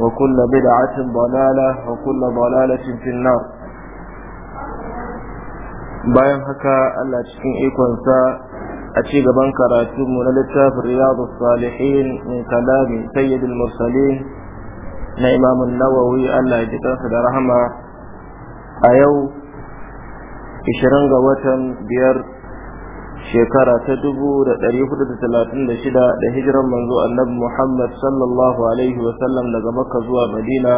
وكل بدعة ضلالة وكل ضلالة في النار bayan haka Allah cikin ikonsa a ci gaban karatunmu na littafin riyadu salihin min kalami sayyidul mursalin na imamun nawawi Allah ya jikansa da rahama a yau 20 ga watan biyar shekara ta dubu da ɗari hudu da talatin da shida da hijiran manzo annabi Muhammad sallallahu alaihi wa sallam daga Makka zuwa Madina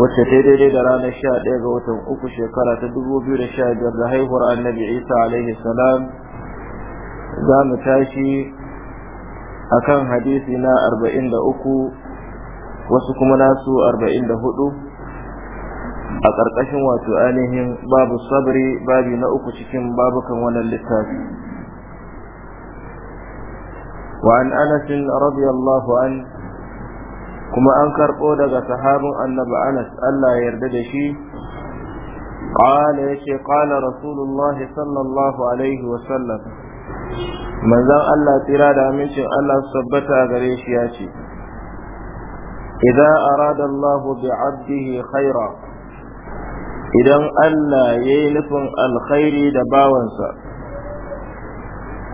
wacce ta daidai da ranar sha ɗaya ga watan uku shekara ta dubu biyu da sha biyar da haihuwar annabi Isa alaihi salam za mu tashi a kan hadisi na arba'in da uku wasu kuma nasu arba'in da hudu a ƙarƙashin wato ainihin babu sabri babi na uku cikin babukan wannan littafi wa an anas radiyallahu an kuma an karɓo daga sahabin annabi anas Allah ya yarda da shi قال يشي قال رسول الله صلى الله عليه وسلم من ذا الله تراد من الله ثبتها غريش ياشي إذا أراد الله بعبده خيرا idan Allah ya yi nufin alkhairi da bawansa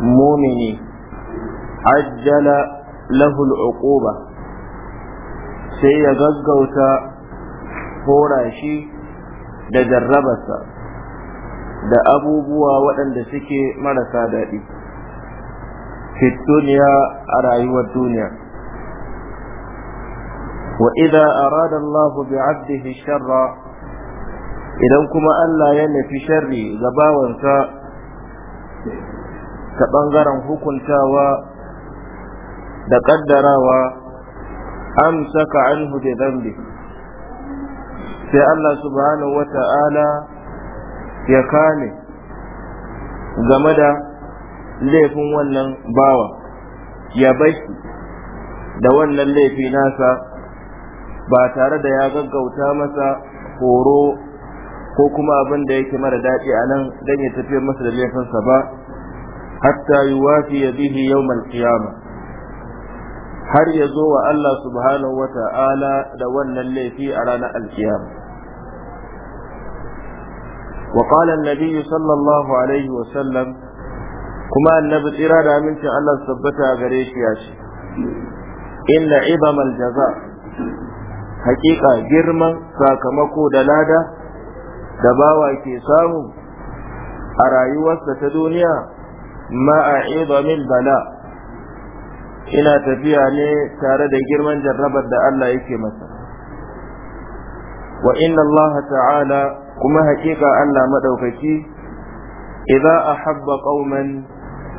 mumini ajjala lahul uquba sai ya gaggauta hora shi da jarrabarsa da abubuwa waɗanda suke marasa daɗi fit duniya a rayuwar duniya wa idan arada Allah bi 'abdihi sharra idan kuma Allah ya nufi sharri ga bawansa ta ɓangaren hukuntawa da ƙaddarawa amsaka anhu da zambi sai Allah subhanahu wa ta'ala ya kame game da laifin wannan bawa ya bashi da wannan laifi nasa ba tare da ya gaggauta masa horo ko kuma abin da yake mara daɗi a nan dan ya tafi masa da laifinsa ba hatta yuwafi ya bihi yawmal qiyama har ya zo wa Allah subhanahu wa ta'ala da wannan laifi a ranar alkiyama wa Nabiyu sallallahu alaihi wa sallam kuma annabi tsira da amincin Allah tabbata a gare shi ce inna ibamal jaza haƙiƙa girman sakamako da lada da bawa ke samu a rayuwarsa ta duniya ma'a mil bala ina tafiya ne tare da girman jarrabar da Allah yake masa wa inna Allah ta'ala kuma hakika Allah madaukaki idza ahabba qauman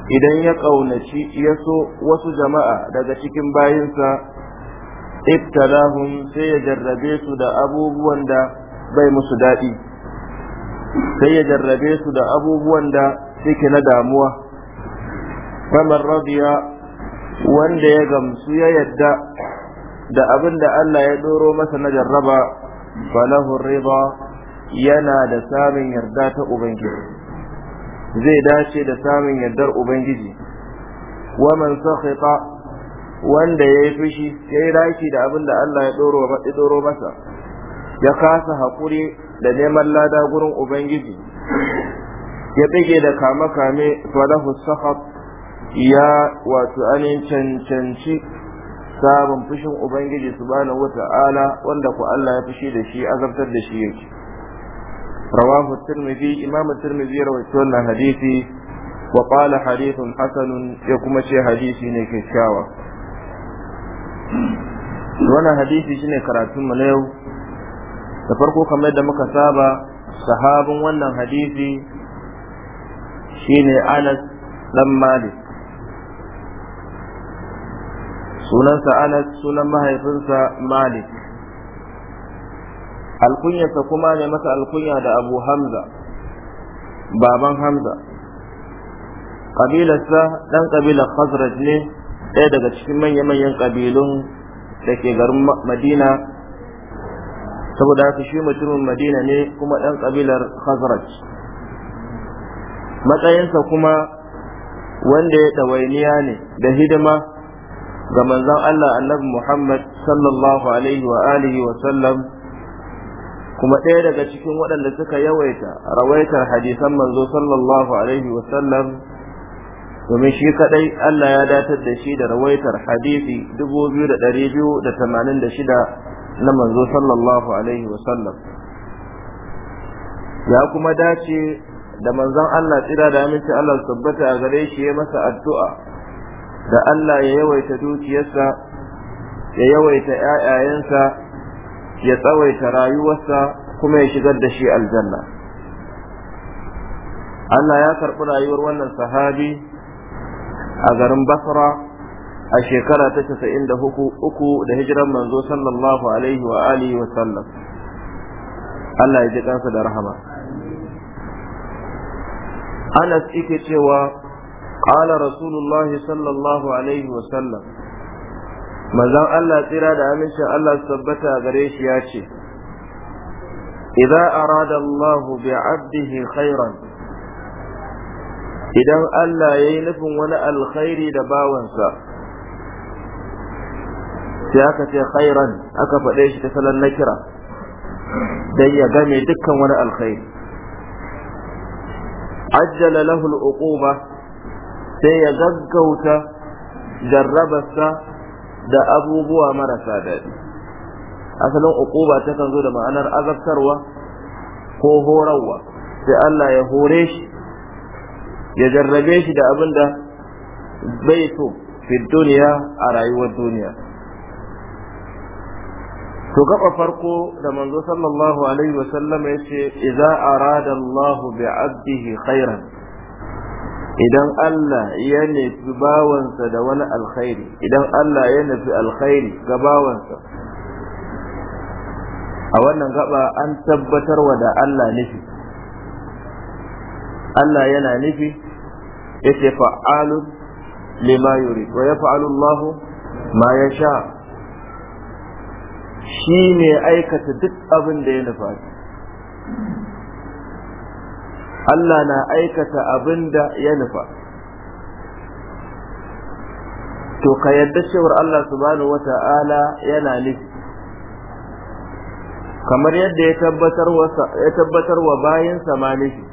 idan ya ƙaunaci ya so wasu jama'a daga cikin bayinsa ibtalahum sai ya jarrabe su da abubuwan da bai musu daɗi sai ya jarrabe su da abubuwan da suke na damuwa faman radiya wanda ya gamsu ya yadda da abin da Allah ya doro masa na jarraba falahu rida yana da samun yarda ta ubangiji zai dace da samun yardar ubangiji waman sakhita wanda ya yi fushi ya yi raki da abin da Allah ya doro masa ya kasa hakuri da neman lada gurin ubangiji ya bige da kame kame falahu sakhab ya wato anin cancanci sabon fushin ubangiji subhanahu wata'ala wanda ku Allah ya fushi da shi azabtar da shi yake rawahu tirmidhi imam tirmidhi rawaito wannan hadisi wa qala hadithun hasanun ya kuma ce hadisi ne kyakkyawa wannan hadisi shine karatun mu na yau da farko kamar da muka saba sahabin wannan hadisi shine Anas dan Malik sunansa Anas sunan mahaifinsa Malik alkunyarsa kuma ne masa alkunya da Abu Hamza baban Hamza kabilarsa dan kabilar Khazraj ne ɗaya daga cikin manya-manyan kabilun da ke garin Madina saboda haka shi mutumin madina ne kuma ɗan ƙabilar khazraj matsayinsa kuma wanda ya ɗawainiya ne da hidima ga manzon Allah annabi Muhammad sallallahu alaihi wa alihi wa sallam kuma ɗaya daga cikin waɗanda suka yawaita rawaitar hadisan manzo sallallahu alaihi wa sallam domin shi kadai Allah ya datar da shi da rawaitar hadisi 2286 na manzo sallallahu alaihi wasallam ya kuma dace da manzon Allah tsira da aminci Allah tabbata a gare shi ya masa addu'a da Allah ya yawaita dukiyarsa ya yawaita ƴaƴayensa ya tsawaita rayuwarsa kuma ya shigar da shi aljanna Allah ya karɓi rayuwar wannan sahabi a garin Basra a shekara ta casa'in da uku da hijiran manzo sallallahu alaihi wa alihi wa sallam Allah ya ji kansa da rahama Anas yake cewa قال رسول الله صلى الله عليه وسلم manzon Allah tsira da amincin Allah su tabbata gare shi ya ce idza arada Allah bi 'abdihi khairan idan Allah yayi nufin wani alkhairi da bawansa sai aka ce khairan aka faɗe shi ta salon nakira dan ya game dukkan wani alkhairi ajjala lahul al'uquba sai ya gaggauta jarrabarsa da abubuwa marasa daɗi asalin uquba takan zo da ma'anar azabtarwa ko horarwa sai Allah ya hore shi ya jarrabe shi da abin da bai so fi duniya a rayuwar duniya to gaba farko da manzo sallallahu alaihi wasallam ya ce idza arada Allah bi abdihi khairan idan Allah ya nufi bawansa da wani alkhairi idan Allah ya nufi alkhairi ga bawansa a wannan gaba an tabbatar wa da Allah nufi Allah yana nufi yace fa'alun lima yuri wa yaf'alu Allah ma yasha shi ne aikata duk abin da ya nufa Allah na aikata abin da ya nufa to ka yadda cewar Allah subhanahu wata'ala yana nufi kamar yadda ya tabbatar wa bayan sama nufi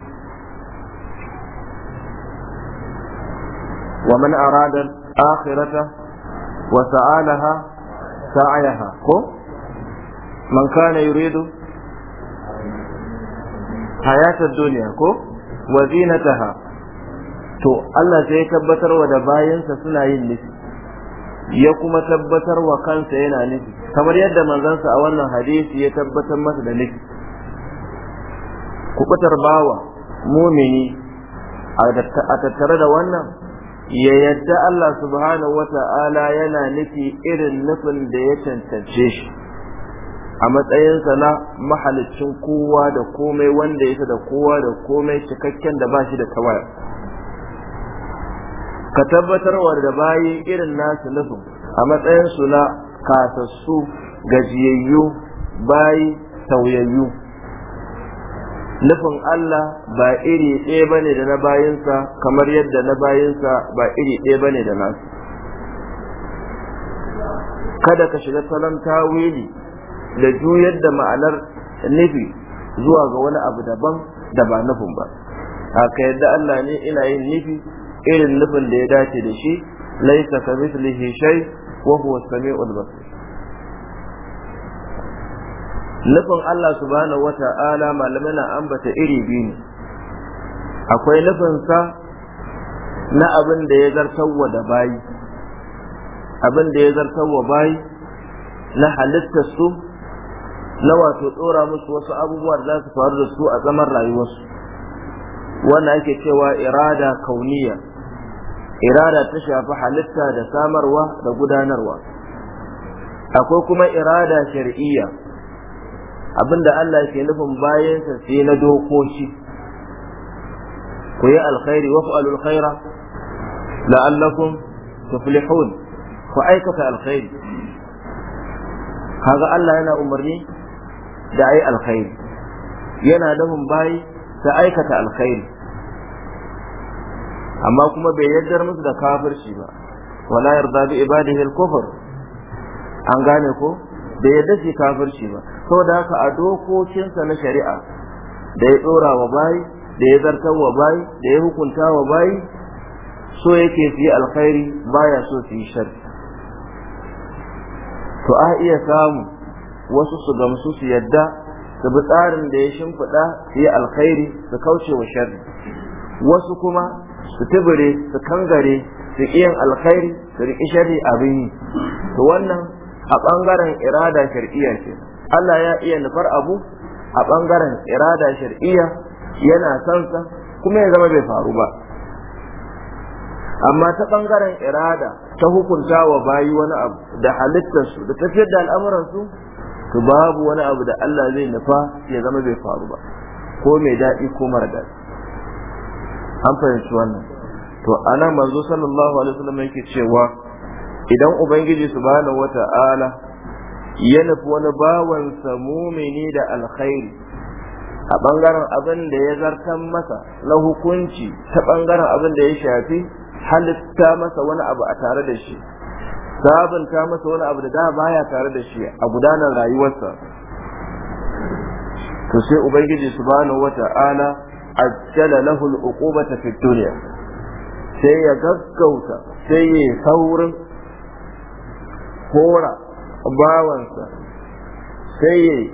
arada akhirata wa sa'alaha sa'ayaha ko. man kana yuridu hayatar duniya ko wa zinataha to Allah sai ya tabbatar wa da bayansa suna yin nufi ya kuma tabbatar wa kansa yana nufi kamar yadda manzansa a wannan hadisi ya tabbatar masa da nufi kubutar bawa mumini a tattare da wannan ya yadda Allah subhanahu wa ta'ala yana nufi irin nufin da ya cancance shi a matsayinsa na mahalicin kowa da komai wanda yake da kowa da komai cikakken da ba shi da tawaya ka tabbatarwa da bayi irin nasu nufin a matsayinsu na kasassu gajiyayyu bayi tauyayyu nufin Allah ba iri ɗaya bane da na bayinsa kamar yadda na bayinsa ba iri ɗaya bane da nasu kada ka shiga salon tawili da juyar da ma'anar nufi zuwa ga wani abu daban da ba nufin ba haka yadda Allah ne ina yin nufi irin nufin da ya dace da shi laisa ka mislihi shai wa huwa samiul basir nufin Allah subhanahu wata'ala malamai na ambata iri biyu ne akwai nufinsa na abin da ya zartarwa da bayi abin da ya zartarwa bayi na halittar su na wato ɗora musu wasu abubuwa da za su faru da su a zaman rayuwarsu wanda ake cewa irada kauniya irada ta shafi halitta da samarwa da gudanarwa akwai kuma irada shar'iyya abinda Allah ke nufin bayansa sai na dokoki ku yi alkhairi wa fa'alul khaira la'allakum tuflihun ku aikata alkhairi kaga Allah yana umarni da ai alkhairi yana nufin bayi ta aikata alkhairi amma kuma bai yaddar musu da kafirci ba wala yarda bi ibadihi al an gane ko bai yadda shi kafirci ba saboda haka a dokokinsa na shari'a da ya dora wa bayi da ya zartar wa bayi da ya hukunta wa bayi so yake su yi alkhairi baya so su yi sharri to a iya samu wasu su gamsu su yadda su bi tsarin da ya shimfiɗa su yi alkhairi su kauce wa shari. wasu kuma su tibire su kangare su yin alkhairi su riƙi sharri abin yi to wannan a ɓangaren irada shar'iyya ce Allah ya iya nufar abu a ɓangaren irada shar'iyya yana sansa kuma ya zama bai faru ba amma ta ɓangaren irada ta hukunta wa bayi wani abu da halittarsu da tafiyar da al'amuransu to babu wani abu da Allah zai nufa ya zama bai faru ba ko mai daɗi ko mara daɗi an fahimci wannan to ana manzo sallallahu alaihi wasallam yake cewa idan ubangiji subhanahu wata'ala ya nufi wani bawan sa mumini da alkhairi a bangaren abin da ya zartan masa na hukunci ta bangaren abin da ya shafi halitta masa wani abu a tare da shi ta masa wani abu da da baya tare da shi a gudanar rayuwarsa to sai ubangiji subhanahu wata'ala ajjala lahu al-uqubata fi dunya sai ya gaggauta sai ya saurin hora bawansa sai ya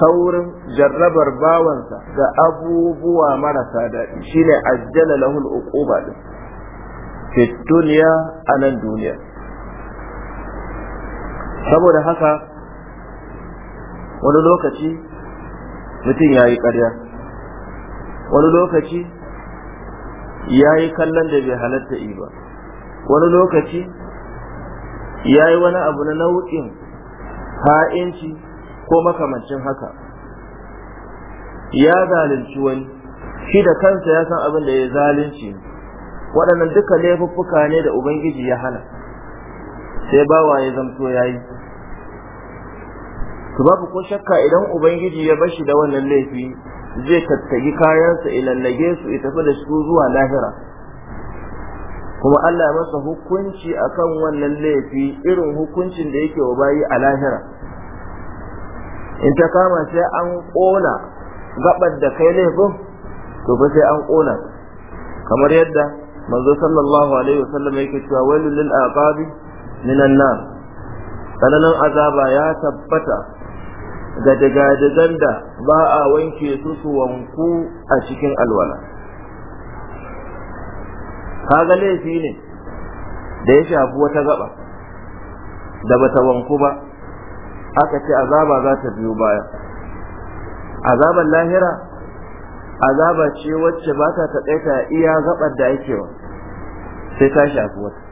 saurin jarrabar bawansa ga abubuwa marasa daɗi shine ajjala lahu al-uquba fi dunya anan duniya saboda haka wani lokaci mutum ya yi ƙarya wani lokaci ya yi kallon da bai halatta yi ba wani lokaci ya yi wani abu na nau'in ha'inci ko makamancin haka ya zalunci wani shi da kansa ya san abin da ya zalunci waɗannan duka laifuffuka ne da ubangiji ya hana sai bawa ya zamto yayi to babu ko shakka idan ubangiji ya bashi da wannan laifi zai tattagi kayansa ilallage su ya tafi da su zuwa lahira kuma Allah ya masa hukunci akan wannan laifi irin hukuncin da yake wa bayi a lahira in ta kama sai an ƙona gabar da kai laifin to fa sai an ƙona kamar yadda manzo sallallahu alaihi wasallam yake cewa wailul lil aqabi minan nar tsananin azaba ya tabbata ga digadigan da ba a wanke su su wanku a cikin alwala kaga laifi ne da ya shafi wata gaba da bata wanku ba aka ce azaba za ta biyo baya azaban lahira azaba ce wacce ba ta taƙaita iya gabar da ake wa sai ta shafi wata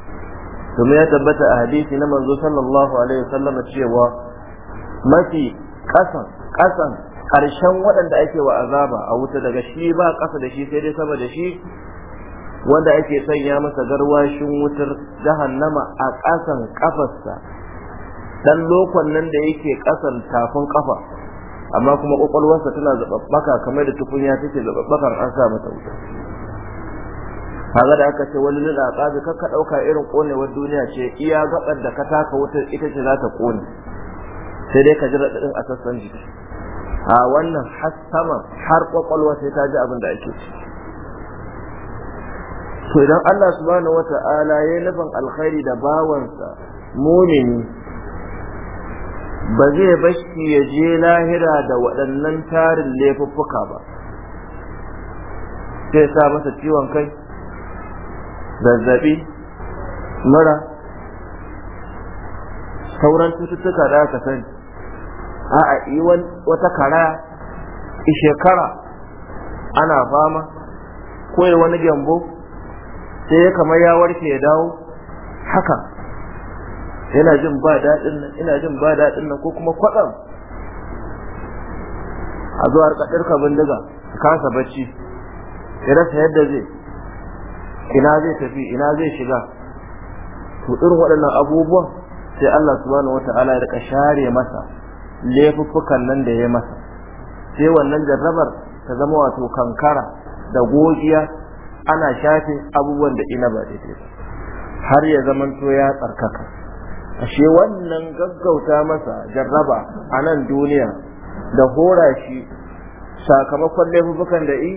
domin ya tabbata a hadisi na manzo sallallahu alaihi wasallam cewa mafi kasan kasan karshen waɗanda ake wa azaba a wuta daga shi ba ƙasa da shi sai dai sama da shi wanda ake sanya masa garwashin wutar jahannama a ƙasan kafarsa dan lokon nan da yake ƙasan tafin kafa amma kuma ƙwaƙwalwarsa tana zaɓaɓɓaka kamar da tukunya take zababbakar an sa mata wuta kaga da aka ce wani lil tsabi kakka dauka irin konewar duniya ce iya gabar da ka taka wutar ita ce za ta kone sai dai ka ji raɗaɗin a sassan jiki a wannan har har kwakwalwa sai ta ji abin da ake ci to idan Allah subhanahu wata'ala ya nufin alkhairi da bawansa mumini ba zai bashi ya je lahira da waɗannan tarin laifuffuka ba sai sa masa ciwon kai zazzabi mura sauran cututtuka da aka sani a a yi wata kara i shekara ana fama ko ya wani gyambo sai ya kamar ya warke ya dawo haka yana jin ba daɗin nan ina jin ba daɗin nan ko kuma kwatsam a zuwa rika bindiga kasa bacci ya rasa yadda zai ina zai tafi ina zai shiga to irin waɗannan abubuwan sai Allah subhanahu wata'ala ya rika share masa laifuffukan nan da ya masa sai wannan jarrabar ta zama wato kankara da gogiya ana shafe abubuwan da ina ba daidai ba har ya zamanto ya tsarkaka ashe wannan gaggauta masa jarraba a nan duniya da hora sakamakon laifukan da i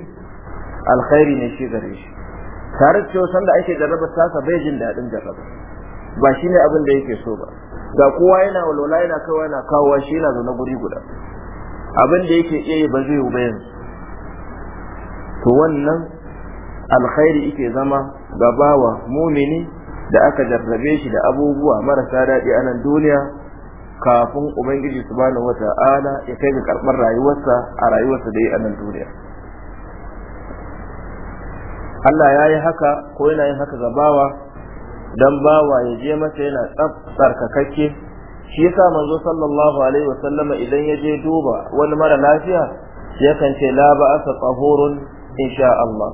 alkhairi ne shi gare shi tare da san sanda ake jarraba sasa bai jin daɗin jarraba ba shine abin da yake so ba ga kowa yana walwala yana kawai yana kawowa shi yana zaune guri guda abin da yake iya ba zai ba yanzu to wannan alkhairi yake zama ga bawa mumini da aka jarrabe shi da abubuwa marasa daɗi a nan duniya kafin ubangiji subhanahu wata'ala ya kai ga karɓar rayuwarsa a rayuwarsa da yi a nan duniya Allah ya yi haka ko yana yin haka ga bawa dan bawa ya je masa yana tsaf tsarkakakke shi yasa manzo sallallahu alaihi wa sallama idan ya je duba wani mara lafiya kan ce la asa tahurun insha Allah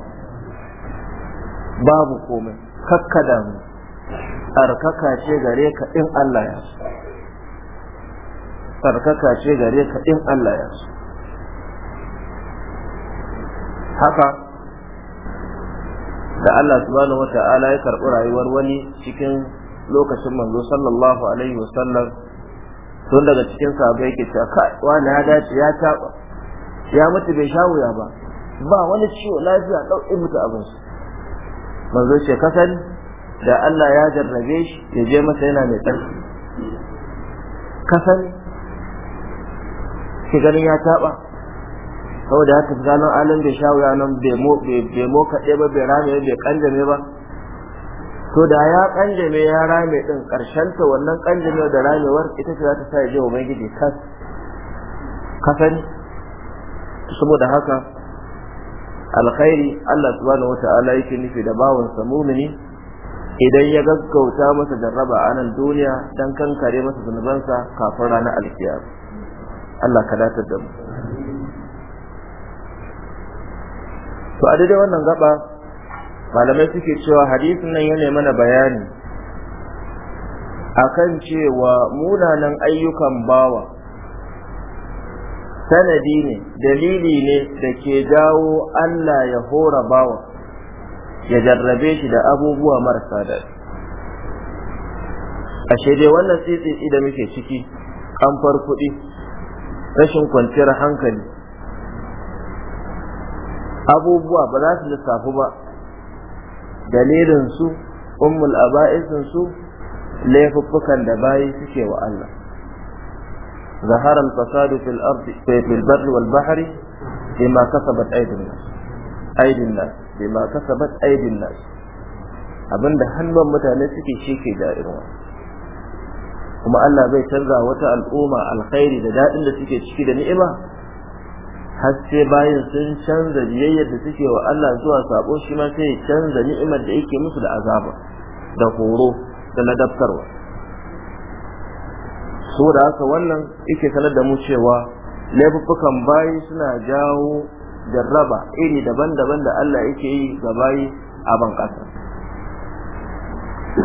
babu komai kakkada mu tsarkaka ce gare ka in Allah ya so tsarkaka ce gare ka in Allah ya so haka da Allah subhanahu wata'ala ya karɓi rayuwar wani cikin lokacin manzo sallallahu alaihi wasallam tun daga cikin sahabbai yake cewa kai wani ya dace ya taɓa ya mutu bai sha wuya ba ba wani ciwo lafiya ɗau in mutu abin shi manzo ce kasan da Allah ya jarrabe shi ya je masa yana mai tsarki kasan ki ganin ya taɓa saboda haka zanen alin da sha wuya nan bai mo kaɗe ba bai rame bai kanjame ba to da ya kanjame ya rame din karshen ta wannan kanjame da ramewar ita ce za ta sa ya wa ubangiji kas kasan saboda haka alkhairi Allah subhanahu wata'ala yake nufi da bawan sa mumini idan ya gaggauta masa jarraba a nan duniya dan kankare masa zunubansa kafin ranar alkiyama Allah ka datar da mu to a daidai wannan gaba malamai suke cewa hadisin nan yana mana bayani akan cewa munanan ayyukan bawa sanadi ne dalili ne da ke jawo Allah ya hora bawa ya jarrabe shi da abubuwa marasa da ashe dai wannan tsitsi da muke ciki an kuɗi, rashin kwanciyar hankali abubuwa ba za su lissafu ba dalilin su ummul aba'isin su laifuffukan da bayi suke wa Allah zahara al-fasadu fil ardi fil barri wal bahri bima kasabat aydin nas aydin nas bima kasabat aydin nas abinda hannun mutane suke shi ke da'irwa. kuma Allah zai canza wata al'umma alkhairi da dadin da suke ciki da ni'ima Haske bayan sun canza biyayyar da suke wa Allah zuwa sabo shi ma sai canza ni'imar da yake musu da azaba da horo da ladabtarwa so da haka wannan yake sanar da mu cewa laifuffukan bayi suna jawo jarraba iri daban-daban da Allah yake yi ga bayi a ban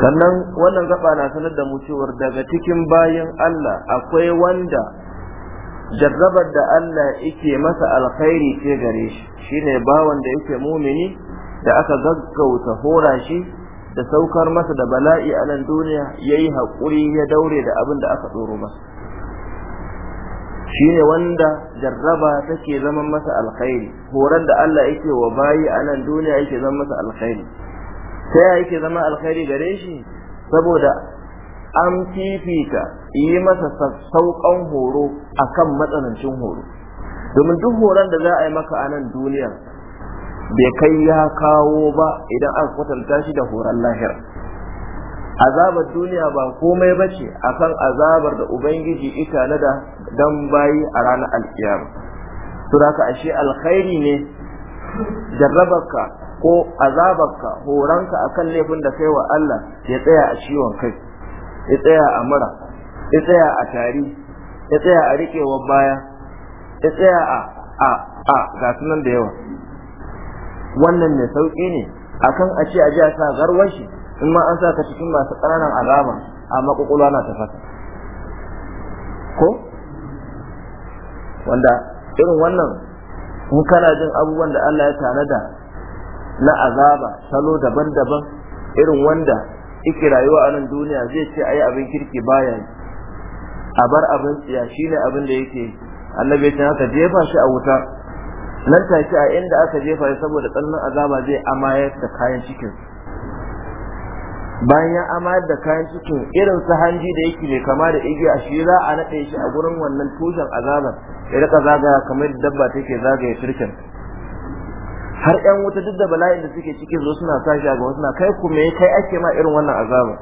sannan wannan gaba na sanar da mu cewar daga cikin bayan Allah akwai wanda jarrabar da Allah yake masa alkhairi ce gare shi shine bawan da yake mumini da aka gaggauta hora shi da saukar masa da bala'i a nan duniya yayi hakuri ya daure da abin da aka tsoro masa shine wanda jarraba take zaman masa alkhairi horan da Allah yake wa bayi a nan duniya yake zama masa alkhairi sai yake zama alkhairi gare shi saboda an fifita yi masa sauƙan horo akan matsanancin horo domin duk horon da za a yi maka a nan duniya bai kai ya kawo ba idan aka kwatanta shi da horon lahira azabar duniya ba komai ba ce akan azabar da ubangiji ita na da dan bayi a ranar alkiyama to haka ashe alkhairi ne jarrabarka ko azabarka a akan laifin da kai wa Allah ya tsaya a ciwon kai ya tsaya a mura ya tsaya a tari ya tsaya a rikewar baya ya tsaya a a a ga sunan da yawa wannan mai sauƙi ne akan a ce a ji a sa shi, in ma an sa ka cikin masu ƙananan alama amma ƙwaƙwalwa na tafasa ko wanda irin wannan in kana jin abubuwan da Allah ya tanada na azaba salo daban-daban irin wanda iki rayuwa a nan duniya zai ce ayi abin kirki baya a bar abin tsiya shine abin da yake annabi ya ce haka jefa shi a wuta nan take a inda aka jefa shi saboda tsananin azaba zai amayar da kayan cikin bayan ya amayar da kayan cikin irin su hanji da yake mai kama da igiya shi za a naɗe shi a gurin wannan tushen azabar ya rika zagaya kamar dabba take zagaya shirkin har yan wuta duk da bala'in da suke ciki zo suna sashi a gaba suna kai kuma kai ake ma irin wannan azaba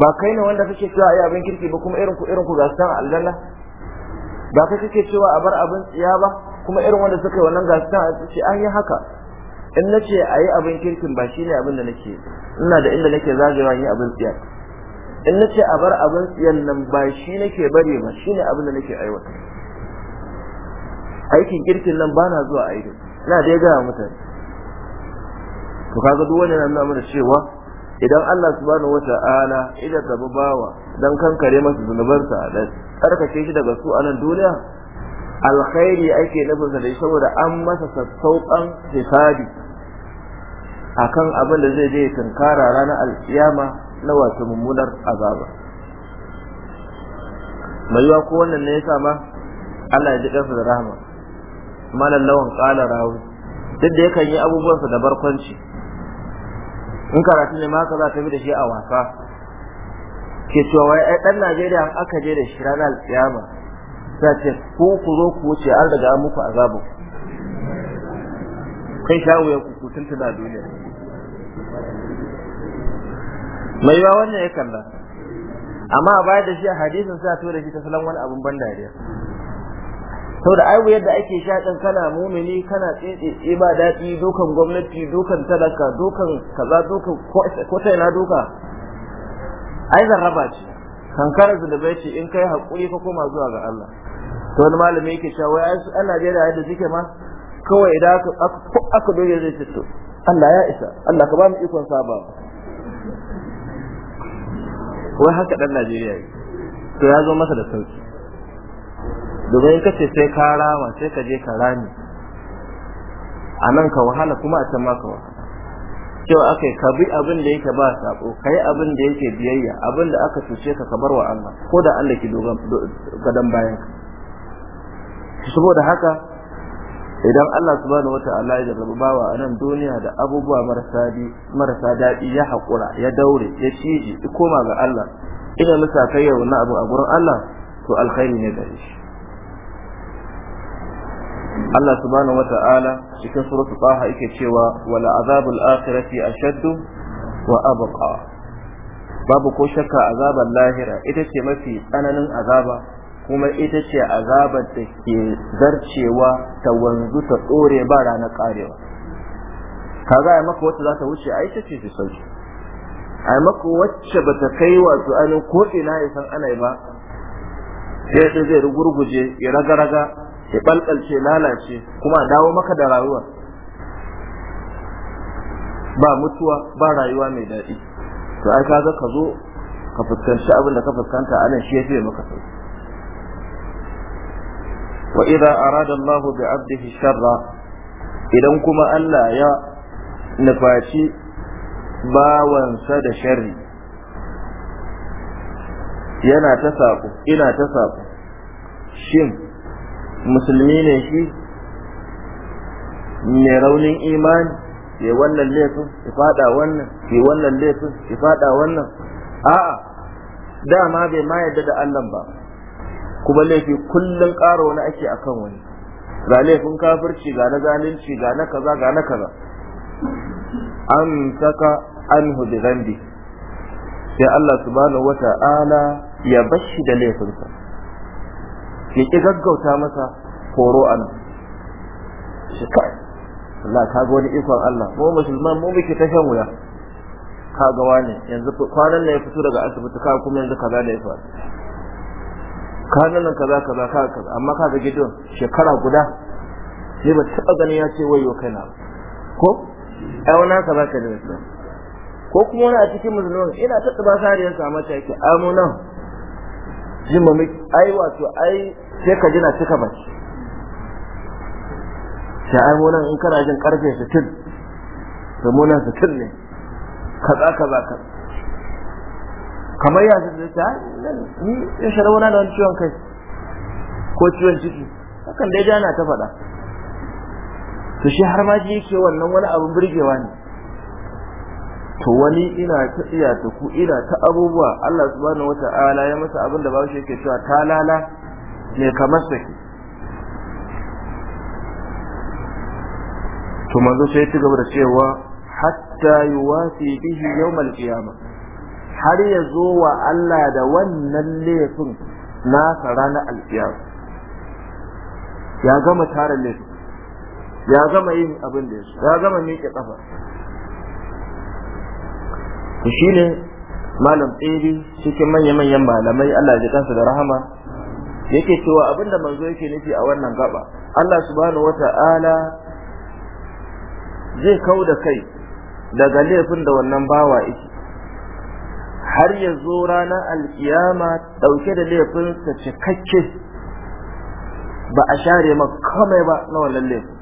ba kai ne wanda kake cewa ai abin kirki ba kuma irin ku irin ku gasan aljanna ba kai kake cewa a bar abin tsiya ba kuma irin wanda suka yi wannan gasan a ce an yi haka in nace ayi abin kirkin ba shine abin da nake ina da inda nake zagayewa yi abin tsiya in nace a bar abin tsiyan nan ba shi nake bare ba shine abin da nake aiwata aikin kirkin nan bana zuwa aiki. ina da ya ga mutane to kaga duk wannan na nuna mana cewa idan Allah subhanahu wata'ala ida gaba bawa dan kankare masa zunubansa da karkace shi daga su a nan duniya alkhairi ake nufin da saboda an masa sassauƙan hisabi akan abin da zai je tunkara ranar alkiyama na wato mummunar azaba mai yiwa ko wannan ne yasa ma Allah ya ji kansa da rahama malam lawan rawu duk da yakan yi abubuwansa da barkwanci in karatu ne ma ka za ta bi da shi a wasa ke cewa wai ai dan Najeriya aka je da shi ranar alƙiyama Ta ce ko ku zo ku wuce an daga muku azabu kai shawo ya ku kutun da duniya mai ba wannan ya kalla amma ba baya da shi a hadisin sai a tura shi ta salon wani abun ban dariya saboda ai yadda ake sha din kana mumini kana tsetse ba daɗi dukan gwamnati dukan talaka dukan kaza dukan ko yana duka ai zarraba ce da bai ce in kai hakuri ko koma zuwa ga Allah to wani malami yake cewa wai ai an Najeriya yadda suke ma kawai idan aka aka doge zai fito Allah ya isa Allah ka ba mu ikon saba wai haka dan Najeriya to ya zo masa da sauki domin ka ce sai ka rawa sai ka je ka rami a nan ka wahala kuma a can maka ka wahala cewa aka yi ka bi abin da yake ba sako ka yi abin da yake biyayya abin da aka cuce ka ka bar wa Allah ko da Allah ki dogon gadon bayan ka saboda haka idan Allah subhanahu wata'ala ya daga bawa a nan duniya da abubuwa marasa daɗi ya haƙura ya daure ya ciji ya koma ga Allah ina lissa kai yau na abu a gurin Allah to alkhairi ne gare shi Allah subhanahu wata'ala cikin suratul Taha yake cewa wala azabul akhirati ashaddu wa abqa babu ko shakka azabar lahira ita ce mafi tsananin azaba kuma ita ce azabar da ke zarcewa ta wanzu ta tsore ba ranar karewa kaga ai maka wacce za ta wuce ai ita ce sauki ai maka wacce ba ta kai wato ainihin ko ina ya san ana ba sai zai rugurguje ya raga-raga ya balbalce lalace kuma a dawo maka da rayuwa ba mutuwa ba rayuwa mai daɗi to ai kaga ka zo ka fuskanci abin da ka fuskanta a nan shi yafi maka sauki wa idza arada Allahu bi 'abdihi sharra idan kuma Allah ya nufaci bawansa da sharri yana ta saƙo ina ta saƙo shin musulmi ne shi mai raunin imani ke wannan laifin ya fada wannan ke wannan laifin ya fada wannan a'a dama bai ma yadda da Allah ba kuma laifi kullum ƙara wani ake akan wani ga laifin kafirci ga na zalunci ga na kaza ga na kaza an saka an hudu sai Allah subhanahu wata'ala ya bashi da laifinsa ya ki gaggauta masa horo a nan shi kai Allah ka ga wani ikon Allah mu musulman mu muke ta shan wuya ka ga wani yanzu kwanan nan ya fito daga asibiti ka kuma yanzu kaza da ya faru kwanan nan kaza kaza ka kaza amma ka ga gidon shekara guda sai ba taɓa ganin ya ce wayo kaina ko ai wani haka ba ka ji ko kuma wani a cikin musulman ina ta tsaba sariyar sa mata yake amunan jin mu ai wato ai sai ka jina cika baki ta aimo nan in kana jin karfe sittin da munan sittin ne kaza kaza ka kamar ya zai ta ni ya sharauna da wani ciwon kai ko ciwon ciki hakan dai jana ta faɗa to shi har ma ji yake wannan wani abin burgewa ne to wani ina ta iya ta ku ina ta abubuwa Allah subhanahu wata'ala ya masa abin da ba shi yake cewa lala. mai kamar ke? to manzo sai ci gaba da cewa hatta yuwasi bihi yawmal qiyamah har ya zo wa Allah da wannan laifin nasa ranar alkiyama ya gama tara laifin ya gama yin abin da ya gama miƙe kafa to ne malam tsiri cikin manya-manyan malamai Allah ya kansa da rahama yake cewa abinda manzo yake nufi a wannan gaba Allah subhanahu wata'ala zai kau da kai daga laifin da wannan bawa yake har ya zo ranar alkiyama dauke da laifinsa cikakke ba a share ma kamai ba na wannan laifin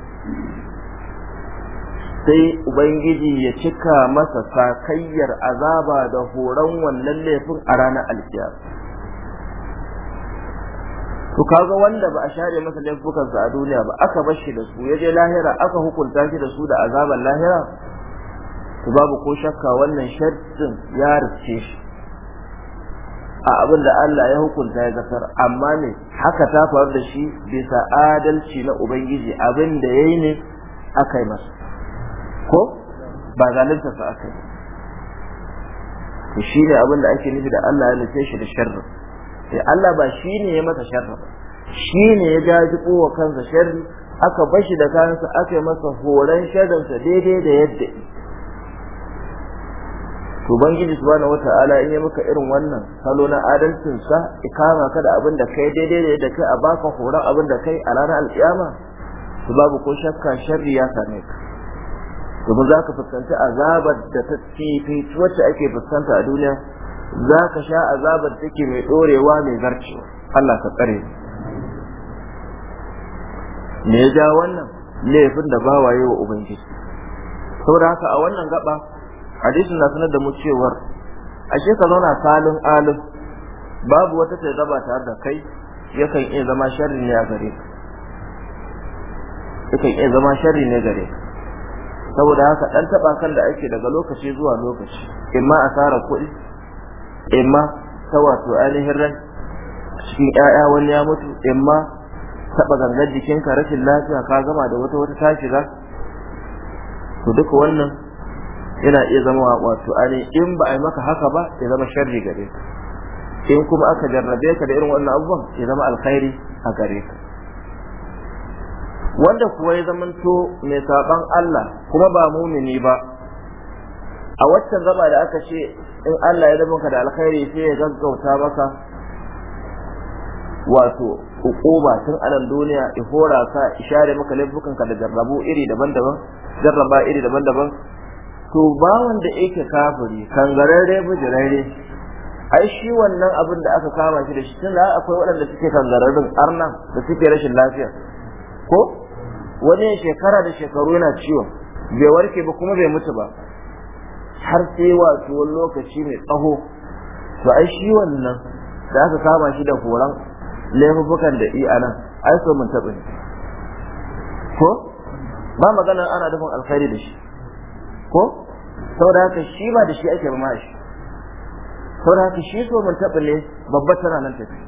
sai ubangiji ya cika masa sakayyar azaba da horon wannan laifin a ranar alkiyama to kaga wanda ba a share masa laifukan sa a duniya ba aka bar shi da su yaje lahira aka hukunta shi da su da azaban lahira to babu ko shakka wannan shartin ya rice shi a abin da Allah ya hukunta ya zakar amma ne haka ta faru da shi bisa adalci na ubangiji abin da yayi ne aka yi masa ko ba zalunta sa aka yi to shine abin da ake nufi da Allah ya nufe shi da sharri sai Allah ba shi ne ya masa sharri shi ne ya gaji kowa kansa sharri aka bashi da kansa aka yi masa horon sharrinsa daidai da yadda to bangiji subhanahu wata'ala in ya maka irin wannan salo na adalcin sa ikama ka da abin da kai daidai da yadda kai a baka horan abin da kai a ranar alkiyama to babu ko shakka sharri ya same ka domin za ka fuskanci azabar da ta ce wacce ake fuskanta a duniya za ka sha azabar take mai ɗorewa mai zarci, Allah ka tsare me ya ja wannan laifin da ba waye wa ubangiji saboda haka a wannan gaba hadisin na sanar da mu cewar ashe ka zauna salin alim babu wata ta zaba tare da kai yakan iya zama sharri ne a gare ka yakan iya zama sharri ne gare ka saboda haka dan taba kan da ake daga lokaci zuwa lokaci imma asara kuɗi imma ta wato ainihin ran cikin ƴaƴa wani ya mutu imma taɓa gangar jikinka rashin lafiya ka gama da wata wata ta shiga to duka wannan yana iya zama wato ainihin in ba a yi maka haka ba ya zama sharri gare ka in kuma aka jarrabe ka da irin wannan abubuwan ya zama alkhairi a gare ka wanda kuwa ya zamanto mai saban Allah kuma ba mumini ba a waccan zaba da aka ce in Allah ya ka da alkhairi sai ya gaggauta maka wato hukuma tun anan duniya ya hora ka share maka laifukanka da jarrabu iri daban-daban jarraba iri daban-daban to ba wanda yake kafiri kangararre bujirarre ai shi wannan abin da aka kama shi da shi tun da akwai waɗanda suke kangararrun arna da suke rashin lafiya ko wani shekara da shekaru yana ciwo, bai warke ba kuma bai mutu ba har sai wato wani lokaci mai tsaho to ai shi wannan da aka kama shi da horon laifukan da i anan ai so mun taɓa ko ba maganar ana dafin alkhairi da shi ko saboda haka shi ba da shi ake ba ma shi saboda haka shi so mun taɓa ne babbar tana nan tafi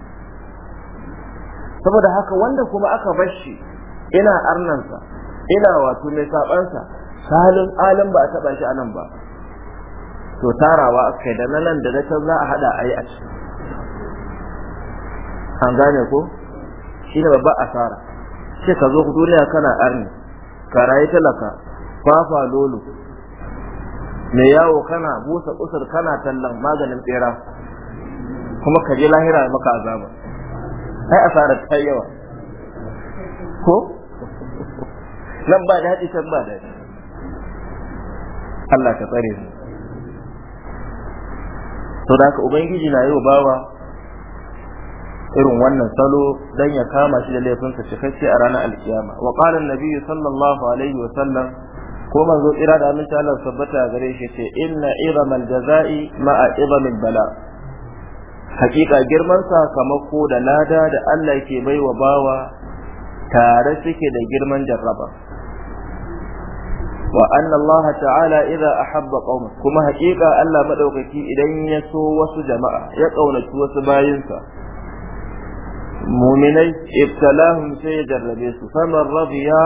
saboda haka wanda kuma aka bar shi ina arnansa ina wato mai sabansa salin alam ba a taɓa shi anan ba to tarawa aka yi da na nan da na can za a haɗa a yi a ciki an gane ko shi ne babban asara ce ka zo ku duniya kana arni ka rayu talaka fafa lolo mai yawo kana busa kusur kana tallan maganin tsera kuma ka je lahira maka azaba ai asarar ta yawa ko nan ba da haɗi can ba da Allah ka tsare mu sau da haka ubangiji na yi wa bawa irin wannan salo dan ya kama shi da laifinsa cikakke a ranar alkiyama wa qala an sallallahu alaihi wa sallam ko manzo tsira da aminci Allah sabbata gare shi ce inna iramal jazai ma'a min bala hakika girman sakamako da lada da Allah ke baiwa bawa tare suke da girman jarraba wa anna Allah ta'ala idza ahabba kuma hakika Allah madaukaki idan ya so wasu jama'a ya kaunaci wasu bayinsa mu'minai ibtalahum sai ya jarrabe su faman radiya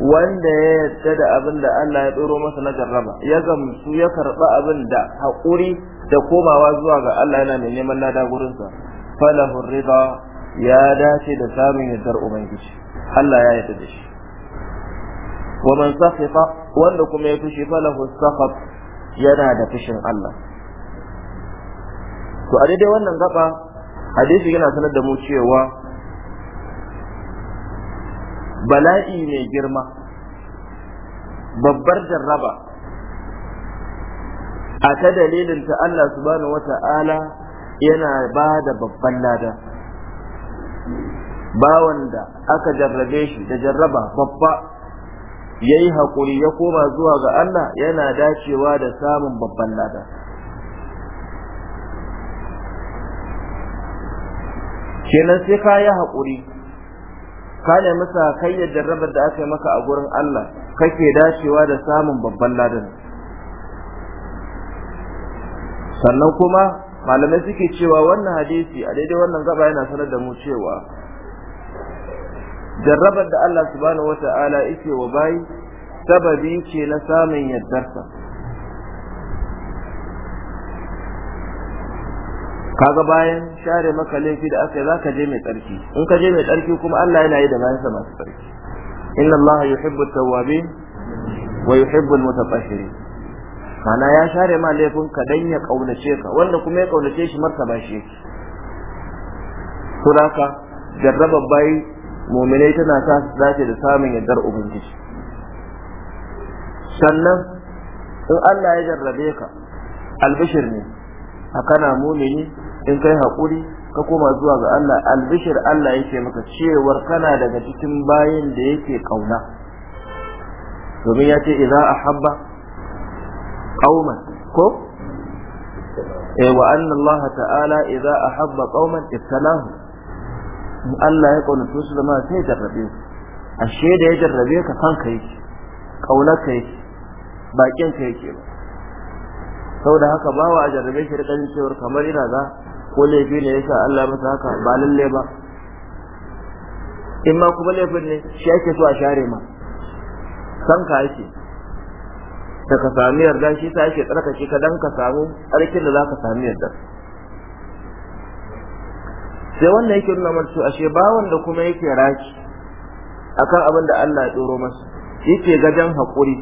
wanda ya yarda da abin da Allah ya tsoro masa na jarraba ya gamsu ya karba abin da haƙuri da komawa zuwa ga Allah yana mai neman lada sa falahu rida ya dace da samun yardar ubangiji Allah ya yarda da shi wa man sakhita wanda kuma ya fushi falahu sakhat yana da fushin Allah to a daidai wannan gaba hadisi yana sanar da mu cewa bala'i mai girma babbar jarraba a ta dalilin ta Allah subhanahu Ta'ala yana ba da babban lada bawan da aka jarrabe shi da jarraba babba yayi hakuri ya koma zuwa ga Allah yana dacewa da samun babban lada kenan sai ka yi hakuri ka nemi sakayyar jarrabar da aka yi maka a gurin Allah kake dacewa da samun babban ladan sannan kuma malamai suke cewa wannan hadisi a daidai wannan gaba yana sanar da mu cewa jarrabar da Allah subhanahu wata'ala yake wa bayi sababi ce na samun yardarsa kaga bayan share maka laifi da aka yi zaka je mai tsarki in ka je mai tsarki kuma Allah yana yi da sa masu tsarki inna Allah yuhibbu tawwabin wa yuhibbu al-mutatahhirin mana ya share ma laifin ka dan ya kaunace ka wanda kuma ya kaunace shi martaba shi to haka jarrabar bayi mu'minai tana sa su dace da samun yardar ubangiji sannan in Allah ya jarrabe ka albishir ne a kana mumini in kai haƙuri ka koma zuwa ga Allah albishir Allah yake maka cewar kana daga cikin bayin da yake kauna domin ya ce idza ahabba ƙauman ko eh, wa anna Allah ta'ala idza ahabba qauman ibtalahu in Allah ya kaunato su zama sai jarrabe su ashe da ya jarrabe ka san kai yake kaunar ka bakin kai ke. ba saboda haka bawa a jarrabe shi da kanin cewar kamar ina za ko laifi ne yasa Allah ya masa haka ba lalle ba in ma kuma laifin ne shi ake so a share ma san ka yake da ka sami yarda shi sa yake tsarkake ka dan ka samu tsarkin da za ka sami yarda sai wannan yake nuna mana ashe ba wanda kuma yake raki akan abin da Allah ya tsoro masa yake gajan hakuri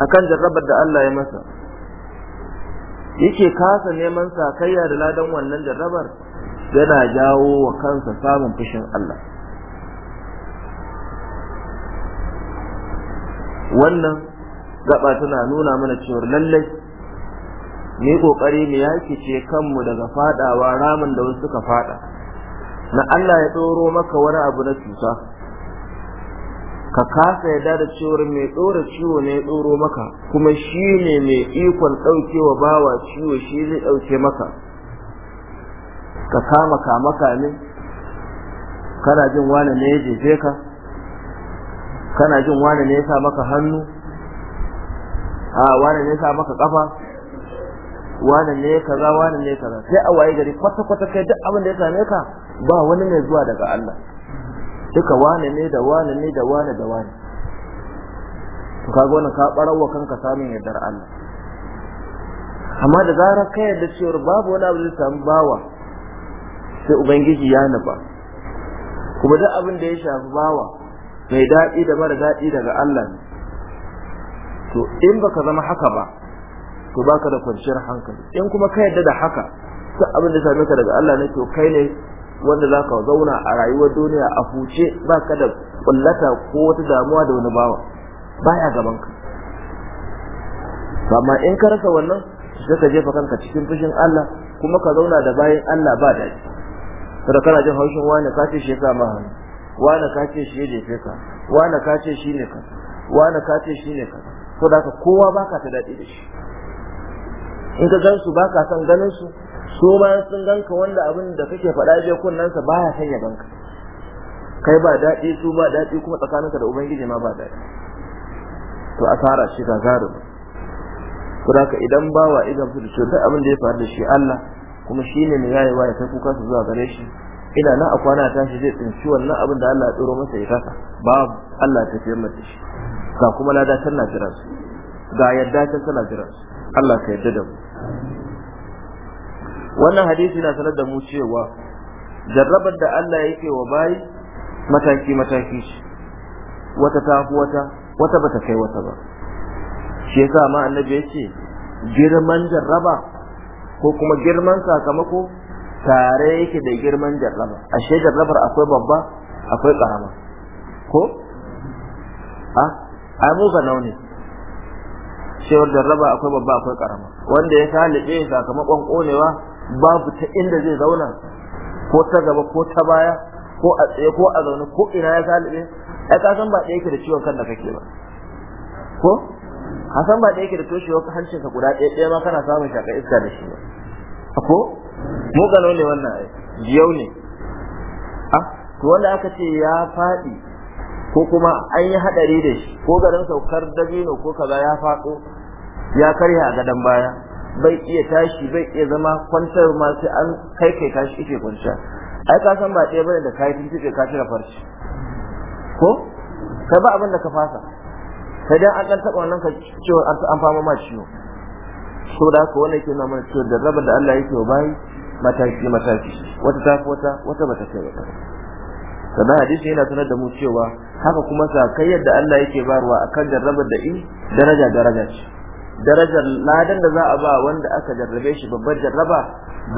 akan jarrabar da Allah ya masa yake kasa neman sakayya da ladan wannan jarrabar yana jawo wa kansa samun fushin Allah wannan gaba tana nuna mana cewa lallai ni kokari mu yake ce kanmu daga fadawa ramin da wasu suka fada na Allah ya ɗoro maka wani abu na cuta ka kasa yadda da cewar mai ɗora ciwo ne ya ɗoro maka kuma shi ne mai ikon ɗaukewa bawa ciwo shi zai ɗauke maka ka kama kama ne kana jin wane ne ya jefe ka kana jin wane ne ya sa maka hannu a wane ne ya sa maka kafa wani ne kaza wani ne kaza sai a waye gari kwata kwata kai duk abin da ya same ka ba wani ne zuwa daga Allah duka wani ne da wani ne da wani da wani to kaga wannan ka barawa kanka samun yardar Allah amma da zarar kai da cewa babu wani abu da samu bawa sai ubangiji ya nufa kuma duk abin da ya shafi bawa mai daɗi da mara daɗi daga Allah ne to in baka zama haka ba to baka da kwanciyar hankali in kuma ka yadda da haka sai abin da same ka daga Allah ne to kai ne wanda zaka zauna a rayuwar duniya a huce baka da kullata ko wata damuwa da wani bawa baya gaban ka amma in ka rasa wannan sai ka jefa kanka cikin fushin Allah kuma ka zauna da bayan Allah ba daɗi kada kana jin haushin wani ka ce shi ya ma hannu wani ka ce shi ya jefe ka wani ka ce shi ne ka wani ka ce shi ne ka saboda kowa baka ta daɗi da shi in ka gansu ba ka son ganin su su ma sun ganka wanda abin da kake faɗa je kunnensa ba ya san ya ganka kai ba daɗi su ba daɗi kuma tsakaninka da ubangiji ma ba daɗi to asara shi ga zarumi saboda idan bawa idan fi da sai abin da ya faru da shi Allah kuma shi ne mai yayewa ya kai kuka su zuwa gare shi ina na a kwana tashi zai tsinci wannan abin da Allah ya tsoro masa ya kasa babu Allah ya tafiyar mata shi ga kuma lada tana jira su ga yadda tana jira su Allah ka yarda da mu wannan hadisi na sanar da mu cewa jarrabar da Allah yake wa bayi mataki mataki shi wata ta wata wata bata kai wata ba shi yasa ma annabi yace girman jarraba ko kuma girman sakamako tare yake da girman jarraba ashe jarrabar akwai babba akwai karama ko a ai mu ga nauni cewar jarraba akwai babba akwai karama wanda ya talibe sakamakon konewa babu ta inda zai zauna ko ta gaba ko ta baya ko a tsaye ko a zaune ko ina ya talibe ai ka san ba ɗaya yake da ciwon kan da kake ba ko a san ba ɗaya yake da ka hancin ka guda ɗaya ɗaya ma kana samun shaka iska da shi ba ko mu gano ne wannan ai ne ah to wanda aka ce ya faɗi ko kuma an yi hadari da shi ko garin saukar dabino ko kaza ya faɗo ya karya a gadon baya bai iya tashi bai iya zama kwantar ma sai an kai kai tashi yake kwanciya ai ka san ba ɗaya bane da kai tun kike ka cire farci ko kai ba abin da ka fasa sai dan an taɓa wannan ka ciwo an fama ma ciwo Ko da ko wannan ke na mana ciwo da rabar da Allah yake wa bai mataki mataki wata ta wata wata bata kai ba sannan hadisi yana sanar da mu cewa haka kuma sakayyar da Allah yake barwa akan jarrabar da in daraja daraja ce darajar ladan da za a ba wanda aka jarrabe shi babbar jarraba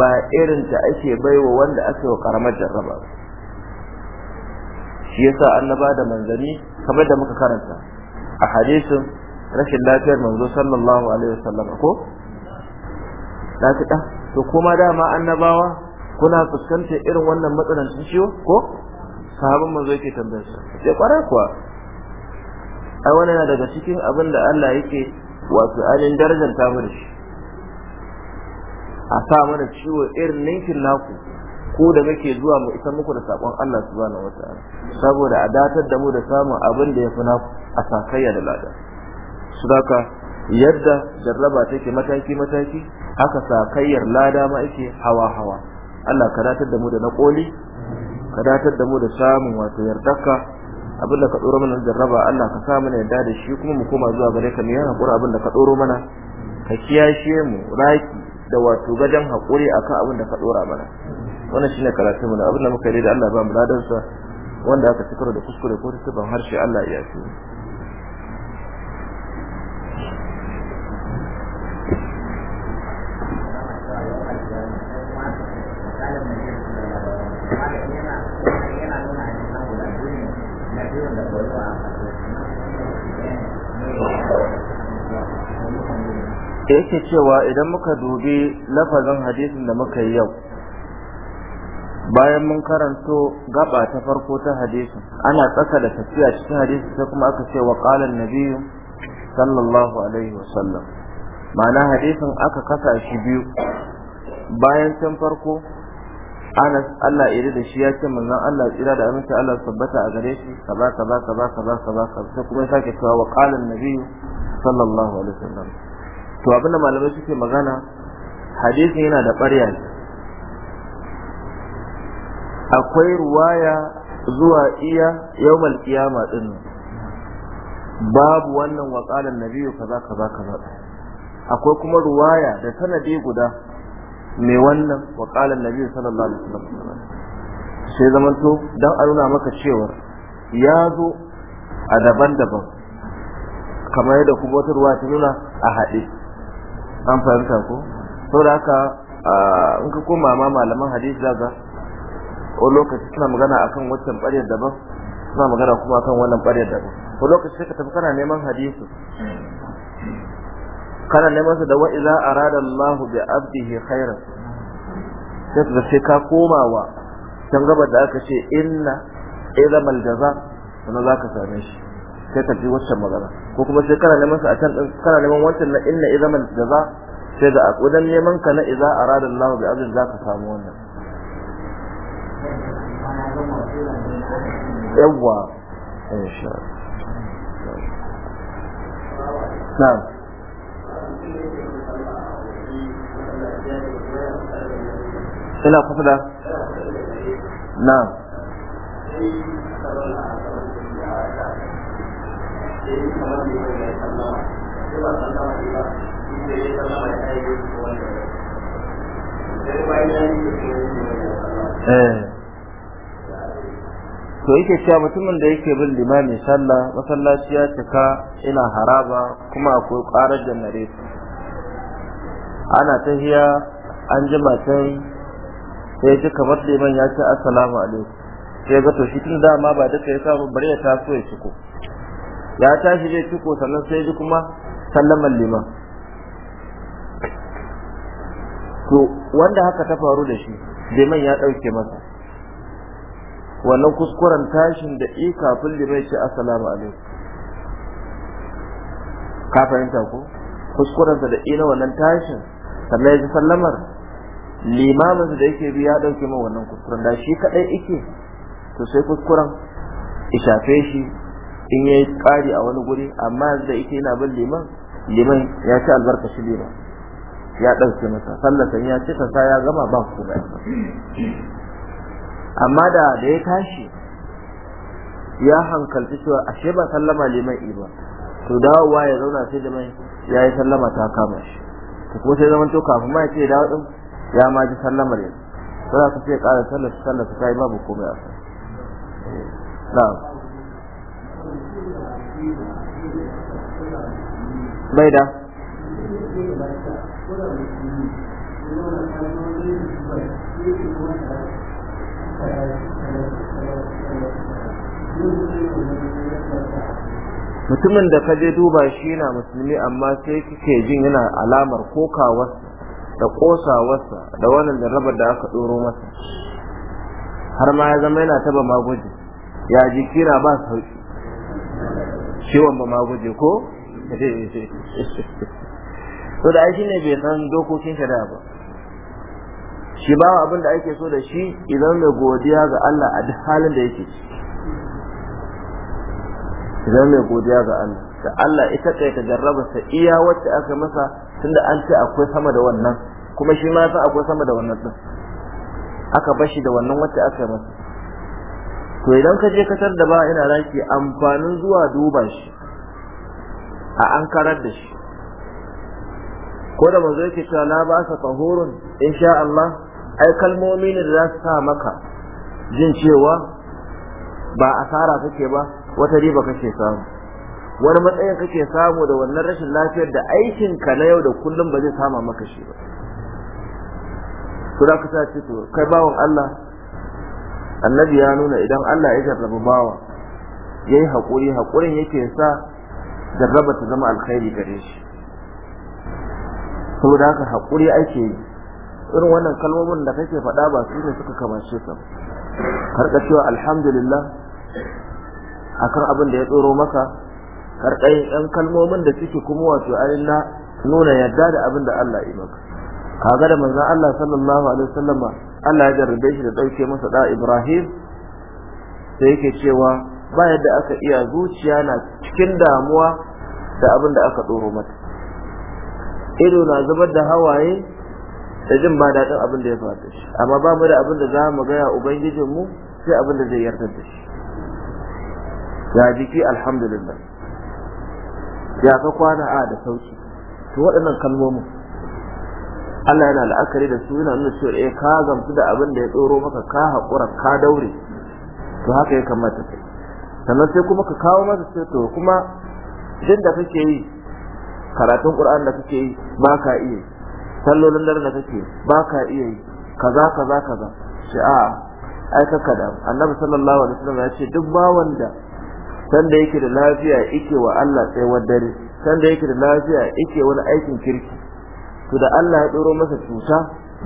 ba irin ta ake baiwa wanda aka wa karamar jarraba shi yasa annaba da manzani kamar da muka karanta a hadisin rashin lafiyar manzo sallallahu alaihi wasallam ko da ta to kuma dama annabawa kuna fuskantar irin wannan matsalan ciwo ko sahabban manzo yake tambayar sa sai kwarai kuwa ai wannan daga cikin abin da Allah yake wato alin darajar ta mu shi a sa mana ciwo irin ninkin naku ko da muke zuwa mu isa muku da sakon Allah subhanahu wataala saboda a datar da mu da samun abin da yafi naku a sakayya da lada sadaka yadda jarraba take mataki mataki haka sakayyar lada ma ake hawa hawa Allah ka datar da mu da na koli ka datar da mu da samun wato yardaka, abin da ka doro mana jarraba Allah ka sa mana yarda da shi kuma mu koma zuwa gare ka mu yi hakuri abin da ka doro mana ka kiyashe mu raki da wato gadan hakuri kan abin da ka dora mana wannan shine karatu mu abin da muka yi da Allah ba mu ladansa wanda aka cikar da kuskure ko tuban harshe Allah ya yi da yake cewa idan muka dubi lafazin hadisin da muka yi yau bayan mun karanto gaba ta farko ta hadisin ana tsaka da tafiya cikin hadisin sai kuma aka ce wa qalan nabiyyu sallallahu alaihi wasallam ma'ana hadisin aka kasa shi biyu bayan can farko Anas Allah iri da shi ya ce manzon Allah tsira da aminci Allah tabbata a gare shi kaza kaza kaza kaza kaza sai kuma sake cewa wa qalan nabiyyu sallallahu alaihi wasallam to abin da malamai suke magana hadisin yana da ɓarya akwai ruwaya zuwa iya yau kiyama din babu wannan waƙalan biyu kaza kaza kaza akwai kuma ruwaya da sanadi guda mai wannan waƙalan na biyu alaihi wasallam sai zamanto don a nuna maka cewa ya zo a daban-daban kamar yadda kuma wata ruwa ta nuna a haɗe an fahimta ko da haka in ka koma ma malaman hadisi ga o lokaci suna magana akan wancan ɓaryar daban suna magana kuma akan wannan ɓaryar daban ko lokaci sai ka tafi kana neman hadisi kana neman su da wa iza arada Allahu bi abdihi khairan sai ka sai ka koma wa can gaba da aka ce inna idza mal jaza sannan zaka same shi sai ka ji wancan magana ko kuma sai kana neman sa a can din kana neman wancan na inna izaman jaza sai da ga wajen neman ka na iza arada Allah bi abdin zaka samu wannan yawa insha Allah ina kusa da na Eh. to yake cewa mutumin da yake bin limami sallah masallaci ya cika ina haraba kuma akwai ƙarar janare ana tahiya an ji matan sai ji kamar liman ya ce assalamu alaikum sai ga to shi tun dama ba duka ya samu bari ya taso ya ciko ya tashi zai ciko sannan sai ji kuma sallaman liman to wanda haka ta faru da shi liman ya ɗauke masa wannan kuskuren tashin da i kafin liman ce assalamu alaikum ka fahimta ko kuskurensa da i na wannan tashin sannan ya ji sallamar limamin da yake biya ya ɗauke min wannan kuskuren da shi kaɗai ike to sai kuskuren ishafe shi in yayi ƙari a wani guri amma yanzu da yake yana bin liman liman ya ci albarka shi liman ya ɗauke masa sallatan ya ci sa ya gama ba ku ba amma da da ya tashi ya hankalci cewa ashe ba sallama liman iba to dawowa ya zauna sai da mai ya yi sallama ta kama shi to ko sai zaman to kafin ma ya ce dawo din ya ma ji sallamar yanzu sai ka ce ƙara sallar sallar ta yi babu komai a sai eh, na'am bai mutumin da kaje duba shi na musulmi amma sai kike jin yana alamar kokawarsa da kosawarsa da wannan rabar da aka ɗoro masa har ma ya zama yana taba maguji ya ji kira ba sauki ciwon ba ma guje ko to da shi ne bai san dokokin da ba shi ba abin da ake so da shi idan da godiya ga Allah a duk halin da yake idan mai godiya ga Allah da Allah ita kai ta jarraba ta iya wacce aka masa tunda an ce akwai sama da wannan kuma shi ma san akwai sama da wannan din aka bashi da wannan wacce aka masa to idan ka je kasar da ba ina raki amfanin zuwa duba shi a an karar da shi ko da manzo yake cewa la ba sa tahurun insha Allah ai kalmomi ne da za su sa maka jin cewa ba asara kake ba wata riba kake samu wani matsayin kake samu da wannan rashin lafiyar da aikin ka na yau da kullum ba zai sama maka shi ba to da ka ce to kai bawon Allah annabi ya nuna idan Allah ya jarraba bawa yayi hakuri hakurin yake sa jarraba ta zama alkhairi gare shi saboda haka hakuri ake yi irin wannan kalmomin da kake faɗa ba su ne suka kamace ka karka cewa alhamdulillah akan abin da ya tsoro maka karka yin ɗan kalmomin da suke kuma wato na nuna yadda da abin da Allah ya maka kaga da manzon Allah sallallahu alaihi wasallam Allah ya jarrabe shi da dauke masa da Ibrahim sai yake cewa ba yadda aka iya zuciya na cikin damuwa da abin da aka doro mata ido na zubar da hawaye da jin ba daɗin abin da ya faru shi amma ba mu da abin da za mu gaya mu sai abin da zai yarda da shi ya jiki alhamdulillah ya ka kwana a da sauki to waɗannan kalmomin Allah yana la'akari da su yana nuna cewa eh ka gamsu da abin da ya tsoro maka ka haƙura ka daure to haka ya kamata kai sannan sai kuma ka kawo masa sai to kuma jin da kake yi karatun Qur'an da kake yi ba ka iya sallolin dare da kake ba ka iya yi kaza kaza kaza sai a ai ka kada Annabi sallallahu alaihi wasallam ya ce duk bawan da sanda yake da lafiya yake wa Allah tsayawar dare sanda yake da lafiya yake wani aikin kirki to da Allah ya tsoro masa cuta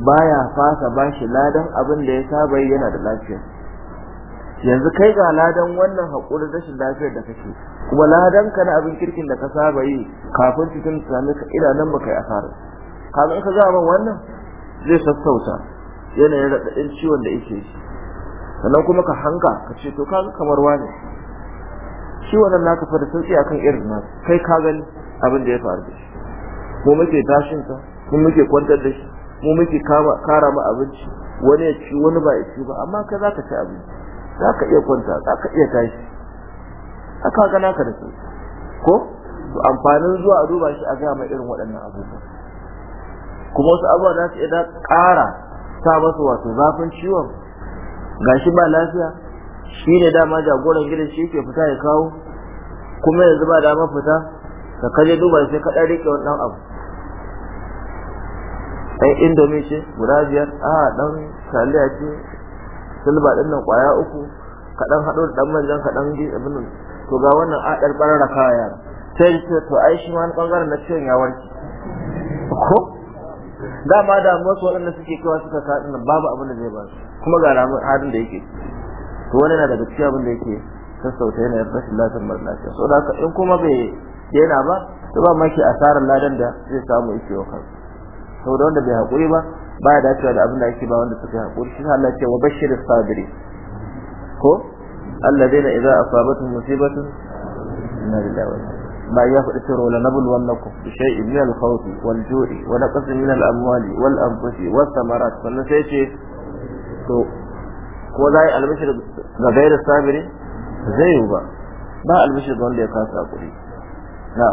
baya fasa ba shi ladan abin da ya saba yana da lafiya yanzu kai ga ladan wannan haƙurin rashin lafiyar da kake kuma ladan ka na abin kirkin da ka saba yi kafin cikin sami ka idanun ba kai asara kaga in ka ga min wannan zai sassauta yanayin raɗaɗin ciwon da yake shi sannan kuma ka hanga ka ce to kaga kamar wani ciwon nan naka fa da sauki akan irin nasu kai ka gani abin da ya faru da shi mu muke tashin ka mu muke kwantar da shi mu muke kara mu abinci wani ya ci wani ba ya ci ba amma ka zaka ci abinci zaka iya kwanta zaka iya tashi aka ga naka da su ko to amfanin zuwa a duba shi a ga mai irin waɗannan abubuwa kuma wasu abubuwa za su iya ƙara sa masa wato zafin ciwon gashi ba lafiya shi ne dama jagoran gidan shi ke fita ya kawo kuma yanzu ba dama fita ka kaje duba sai ka ɗan riƙe wannan abu ɗan indomi ce guda biyar a ɗan taliya ce silba ɗin nan ƙwaya uku kaɗan haɗo da ɗan manjan kaɗan bi abin nan to ga wannan a ɗan ɓarar kaya sai ce to ai shi ma ɓangaren na ciwon ya warke ko dama da masu waɗanda suke kawa suka ka nan babu abin da zai ba su kuma ga ramin halin da yake to wani yana daga cikin abin da yake sassauta yanayin rashin lafiyar mara lafiya so da haka in kuma bai daina ba to ba maki asarar ladan da zai samu yake wa kansa saboda wanda bai haƙuri ba baya dacewa da abin da ake ba wanda suka haƙuri shi Allah ce wa bashir sabiri ko alladheena idza asabatuhum musibatun inna lillahi wa inna ما يفطر ولنبلونكم بشيء من الخوف والجوع ونقص من الأموال والأنفس والثمرات فنسيتي to ko za yi albishir ga gaira sabiri zai yi ba ba albishir ga wanda ya kasa hakuri na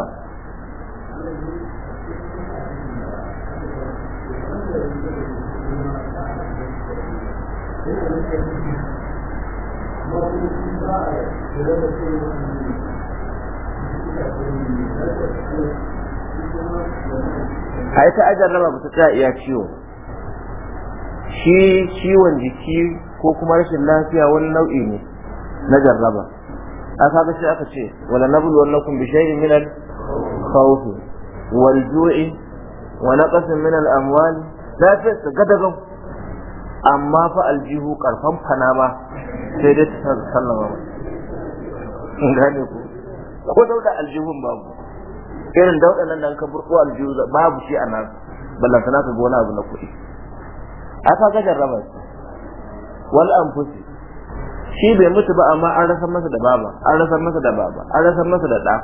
a ta ajar raba ba ta iya ciwo shi ciwon jiki ko kuma rashin lafiya wani nau'i ne na jarraba A ga shi aka ce wala nablu wallakum bi shay'in min minar kawo wal ju'i wa wani min minar amwali lafiyar su gadazon amma fa aljihu karfan fana ma sai dai ta sallama in gane ku ko dauda aljihun babu irin dauda nan da ka burko aljihu babu shi a nan ballantana ka gona abu na kuɗi a ka ga jarraba wal anfusi shi bai mutu ba amma an rasa masa da baba an rasa masa da baba an rasa masa da ɗa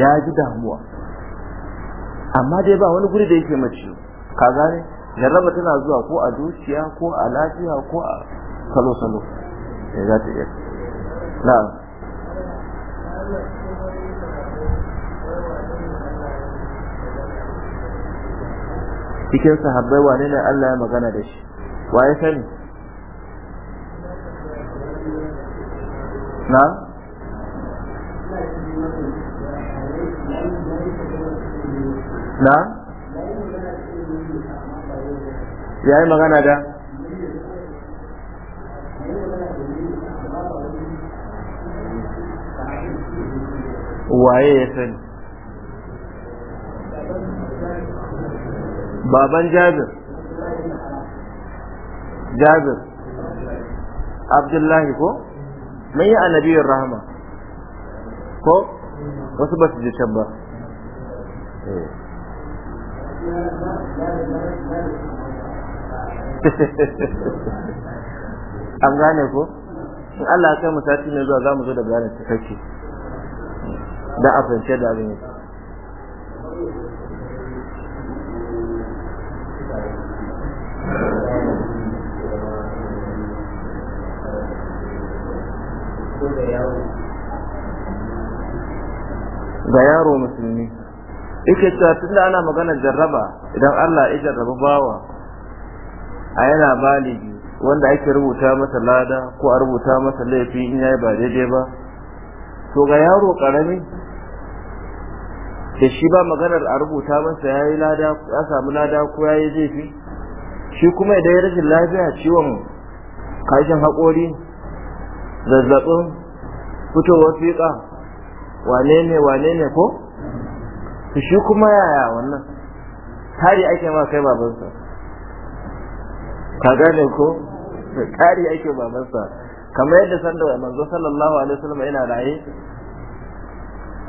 ya ji damuwa amma dai ba wani guri da yake mace ka gane jarraba tana zuwa ko a zuciya ko a lafiya ko a salo salo eh, ya za ta iya na cikin sahabbai wane ne Allah ya magana da shi wa ya sani na na Ya yi magana da waye ya sani baban jabir jabir abdullahi ko mai yi annabiyar rahama ko wasu ba su ji can ba eh. an gane ko in Allah ya kai mu sati ne zuwa za mu zo da bayanin cikakke da a fahimce da abin yake ga yaro musulmi yake cewa tunda ana magana jarraba idan Allah ya jarraba bawa a yana baligi wanda ake rubuta masa lada ko a rubuta masa laifi in yayi ba daidai ba to ga yaro karami da shi ba maganar a rubuta masa yayi lada ya samu lada ko yayi laifi shi kuma idan ya rashin lafiya ciwon kashin haƙori zazzabin fitowar fiƙa wane ne wane ne ko shi kuma yaya wannan hari ake ma kai babansa ka gane ko kari ake babansa kamar yadda sanda manzo sallallahu alaihi wasallam yana raye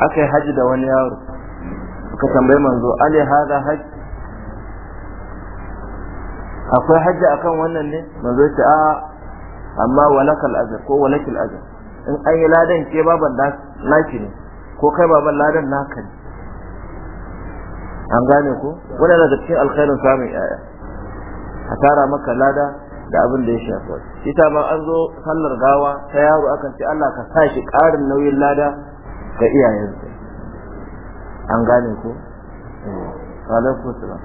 akai haji da wani yaro ka tambayi manzo ali hada haji akwai haji akan wannan ne manzo ya ce a amma walakal ajr ko walakil ajr in an yi ladan ke baban naki ne ko kai baban ladan naka ne an gane ko wannan daga cikin alkhairin samun yaya a tara maka lada da abin da ya shafa ita ma an zo sallar gawa ta yaro akan ce Allah ka sa shi ƙarin nauyin lada ga iyayensa an gane ko alaikum salam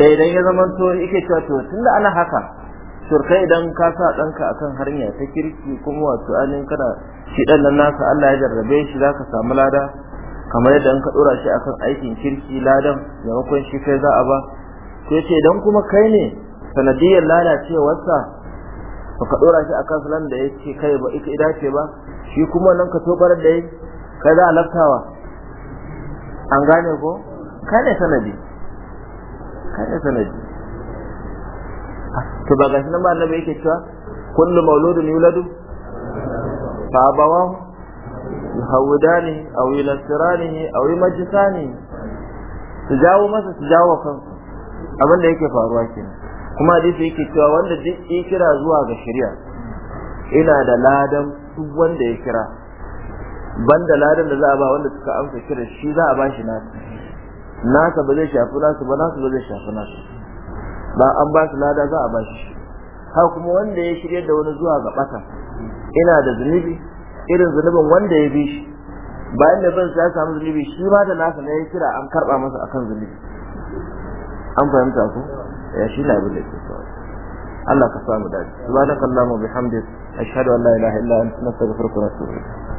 da idan ya zama to yake cewa to tunda ana haka surkai idan ka sa ɗanka akan hanya ta kirki kuma wato anin kana shi ɗan nan nasa Allah ya jarrabe shi za ka samu lada kamar yadda in ka ɗora shi akan aikin kirki ladan makon shi kai za a ba to ce idan kuma kai ne sanadiyar lalacewarsa ba ka ɗora shi akan salan da yake kai ba ita ce ba shi kuma nan ka tobar da yake kai za a laftawa an gane ko kai ne sanadi kai ne sanadi to ba gashi nan ba annabi yake cewa kullu mauludun yuladu fa abawahu yuhawidani aw sirani aw majsani su jawo masa su jawo kansu abin da yake faruwa kenan kuma hadisi yake cewa wanda duk ya kira zuwa ga shari'a ina da ladan duk wanda ya kira banda ladan da za a ba wanda suka amsa kira shi za a ba shi nasa nasa ba zai shafi nasu ba nasu ba zai shafi nasu ba an ba su lada za a ba shi har kuma wanda ya shirya da wani zuwa ga ɓata ina da zunubi irin zunubin wanda ya bi shi bayan da zan ya samu zunubi shi ma da nasa na ya kira an karɓa masa akan zunubi an fahimta ko ya shi na abin da ke so Allah ka samu dace subhanakallahumma bihamdik ashhadu an la ilaha illa anta astaghfiruka wa atubu ilayk